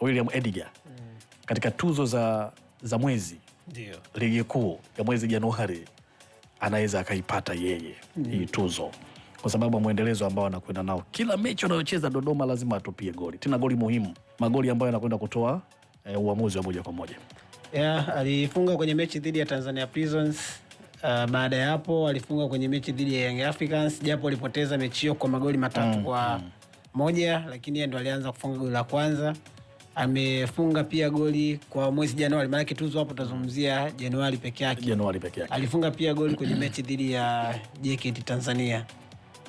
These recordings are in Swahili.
William Edgar mm. katika tuzo za, za mwezi ligi kuu ya mwezi Januari anaweza akaipata yeye mm. hii tuzo kwa sababu mwendelezo ambao anakwenda nao kila mechi anayocheza Dodoma lazima atupie goli, tena goli muhimu, magoli ambayo anakwenda kutoa e, uamuzi wa moja kwa moja. Yeah, alifunga kwenye mechi dhidi ya Tanzania Prisons. Uh, baada ya hapo alifunga kwenye mechi dhidi ya Young Africans japo alipoteza mechi hiyo kwa magoli matatu mm, kwa mm. moja, lakini ndo alianza kufunga goli la kwanza amefunga pia goli kwa mwezi Januari, maanake tuzo hapo tutazungumzia Januari peke yake. Januari peke yake alifunga pia goli kwenye mechi dhidi ya JKT Tanzania.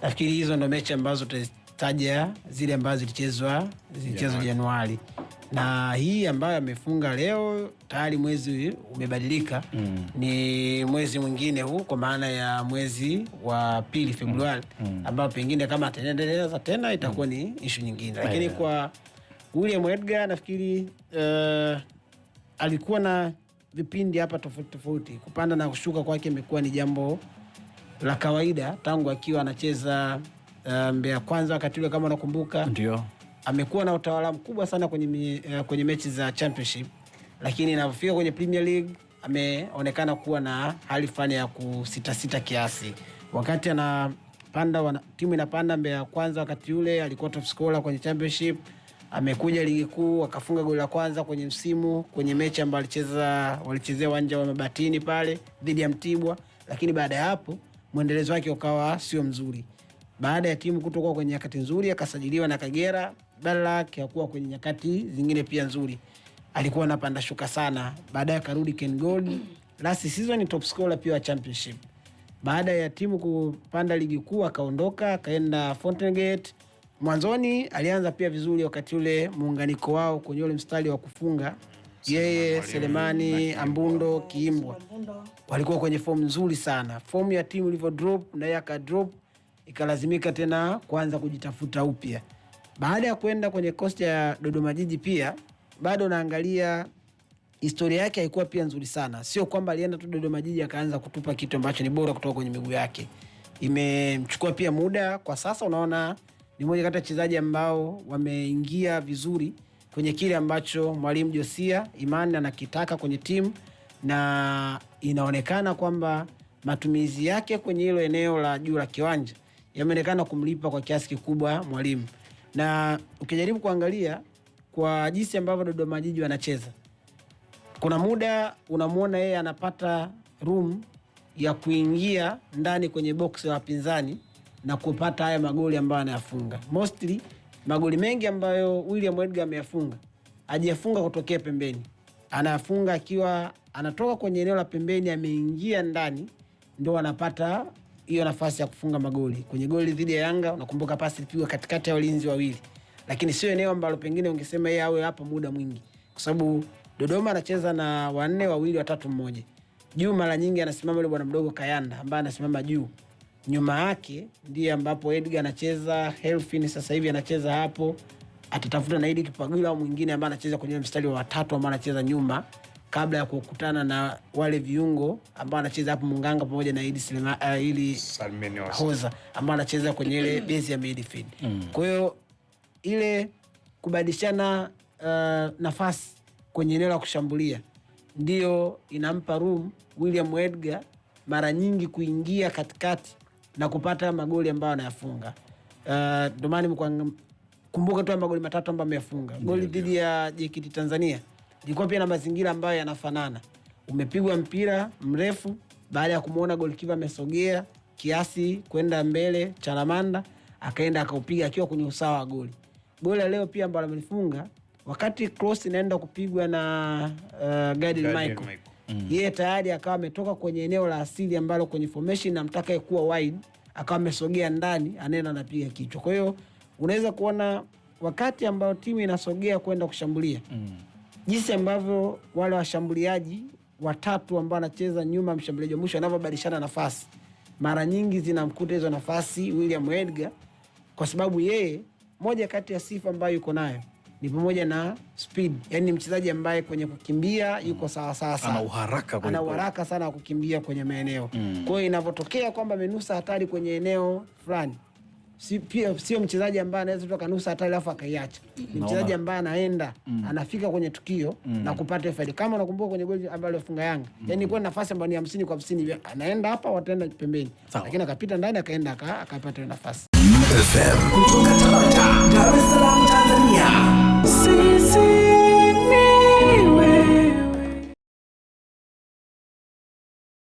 Nafikiri hizo ndo mechi ambazo tutazitaja zile ambazo zilichezwa zilichezwa Januari na hii ambayo amefunga leo tayari mwezi umebadilika, mm. ni mwezi mwingine huu, kwa maana ya mwezi wa pili Februari, mm. mm. ambayo pengine kama ataendeleza tena itakuwa mm. ni ishu nyingine, lakini yeah. kwa William Edgar nafikiri uh, alikuwa na vipindi hapa tofauti tofauti. Kupanda na kushuka kwake imekuwa ni jambo la kawaida tangu akiwa anacheza uh, Mbeya Kwanza, wakati ule kama unakumbuka, ndio amekuwa na utawala mkubwa sana kwenye, uh, kwenye mechi za championship, lakini inavyofika kwenye Premier League ameonekana kuwa na hali fani ya kusitasita kiasi. Wakati anapanda wana, timu inapanda Mbeya Kwanza, wakati ule alikuwa top scorer kwenye championship amekuja ligi kuu akafunga goli la kwanza kwenye msimu kwenye mechi ambayo alicheza walichezea uwanja wa Mabatini pale dhidi ya Mtibwa, lakini baada ya hapo mwendelezo wake ukawa sio mzuri. Baada ya timu kutokuwa kwenye nyakati nzuri, akasajiliwa na Kagera, badala yake hakuwa kwenye nyakati zingine pia nzuri, alikuwa anapanda shuka sana. Baadaye akarudi Ken Gold, last season top scorer pia wa championship. Baada ya timu kupanda ligi kuu akaondoka akaenda Fountain Gate mwanzoni alianza pia vizuri wakati ule muunganiko wao kwenye ule mstari wa kufunga yeye Selemani Ambundo Kiimbwa walikuwa kwenye fomu nzuri sana. Fomu ya timu ilivyo drop na yeye aka drop, ikalazimika tena kuanza kujitafuta upya baada ya kwenda kwenye kosti ya Dodoma Jiji. Pia bado naangalia historia yake, haikuwa pia nzuri sana, sio kwamba alienda tu Dodoma Jiji akaanza kutupa kitu ambacho ni bora kutoka kwenye miguu yake. Imemchukua pia muda, kwa sasa unaona ni mmoja kati ya wachezaji ambao wameingia vizuri kwenye kile ambacho mwalimu Josia Imani anakitaka kwenye timu, na inaonekana kwamba matumizi yake kwenye hilo eneo la juu la kiwanja yameonekana kumlipa kwa kiasi kikubwa mwalimu, na ukijaribu kuangalia kwa jinsi ambavyo Dodoma Jiji wanacheza, kuna muda unamwona yeye anapata room ya kuingia ndani kwenye box ya wapinzani na kupata haya magoli ambayo anayafunga. Mostly magoli mengi ambayo William Edgar ameyafunga hajafunga kutokea pembeni, anayafunga akiwa anatoka kwenye eneo la pembeni, ameingia ndani, ndio anapata hiyo nafasi ya kufunga magoli. Kwenye goli dhidi ya Yanga unakumbuka pasi ilipigwa katikati ya walinzi wawili, lakini sio eneo ambalo pengine ungesema yeye awe hapa muda mwingi, kwa sababu Dodoma anacheza na wanne wawili watatu mmoja. Juu mara nyingi anasimama yule bwana mdogo Kayanda ambaye anasimama juu nyuma yake ndiye ambapo Edgar anacheza, Helfin sasa hivi anacheza hapo, atatafuta na Idi Kipagula au mwingine ambaye anacheza kwenye mstari wa watatu ambaye anacheza nyuma, kabla ya kukutana na wale viungo ambao anacheza hapo Munganga pamoja na Idi Silema, uh, ili Hoza ambao anacheza kwenye ile base ya midfield. Mm. Kwa hiyo ile kubadilishana uh, nafasi kwenye eneo la kushambulia ndio inampa room William Edgar mara nyingi kuingia katikati na kupata magoli ambayo anayafunga. Eh, ndio maana uh, kumbuka tu magoli matatu ambayo ameyafunga. Goli dhidi ya JKT Tanzania ilikuwa pia na mazingira ambayo yanafanana, umepigwa mpira mrefu baada ya kumwona golikipa amesogea kiasi kwenda mbele, Chalamanda akaenda akaupiga akiwa kwenye usawa wa goli. Goli leo pia ambalo amelifunga wakati cross inaenda kupigwa na uh, eh, Gadiel Michael mm. yeye tayari akawa ametoka kwenye eneo la asili ambalo kwenye formation namtaka kuwa wide, akawa amesogea ndani, anaenda anapiga kichwa. Kwa hiyo unaweza kuona wakati ambao timu inasogea kwenda kushambulia mm. jinsi ambavyo wale washambuliaji watatu ambao anacheza nyuma mshambuliaji wa mwisho anavyobadilishana nafasi, mara nyingi zinamkuta hizo nafasi William Edgar, kwa sababu yeye moja kati ya sifa ambayo yuko nayo ni pamoja na speed, yani ni mchezaji ambaye kwenye kukimbia yuko mm. sawa sawa sana, ana uharaka, ana uharaka sana wa kukimbia kwenye maeneo mm. Kwa hiyo inavyotokea kwamba amenusa hatari kwenye eneo fulani si, pia sio mchezaji ambaye anaweza tu nusa hatari alafu akaiacha. Ni mchezaji ambaye anaenda mm. anafika kwenye tukio mm. na kupata faida. Kama unakumbuka kwenye goli ambalo alifunga Yanga mm. yani kwa nafasi ambayo ni 50 kwa 50 anaenda hapa, wataenda pembeni, lakini akapita ndani, akaenda akapata nafasi FM.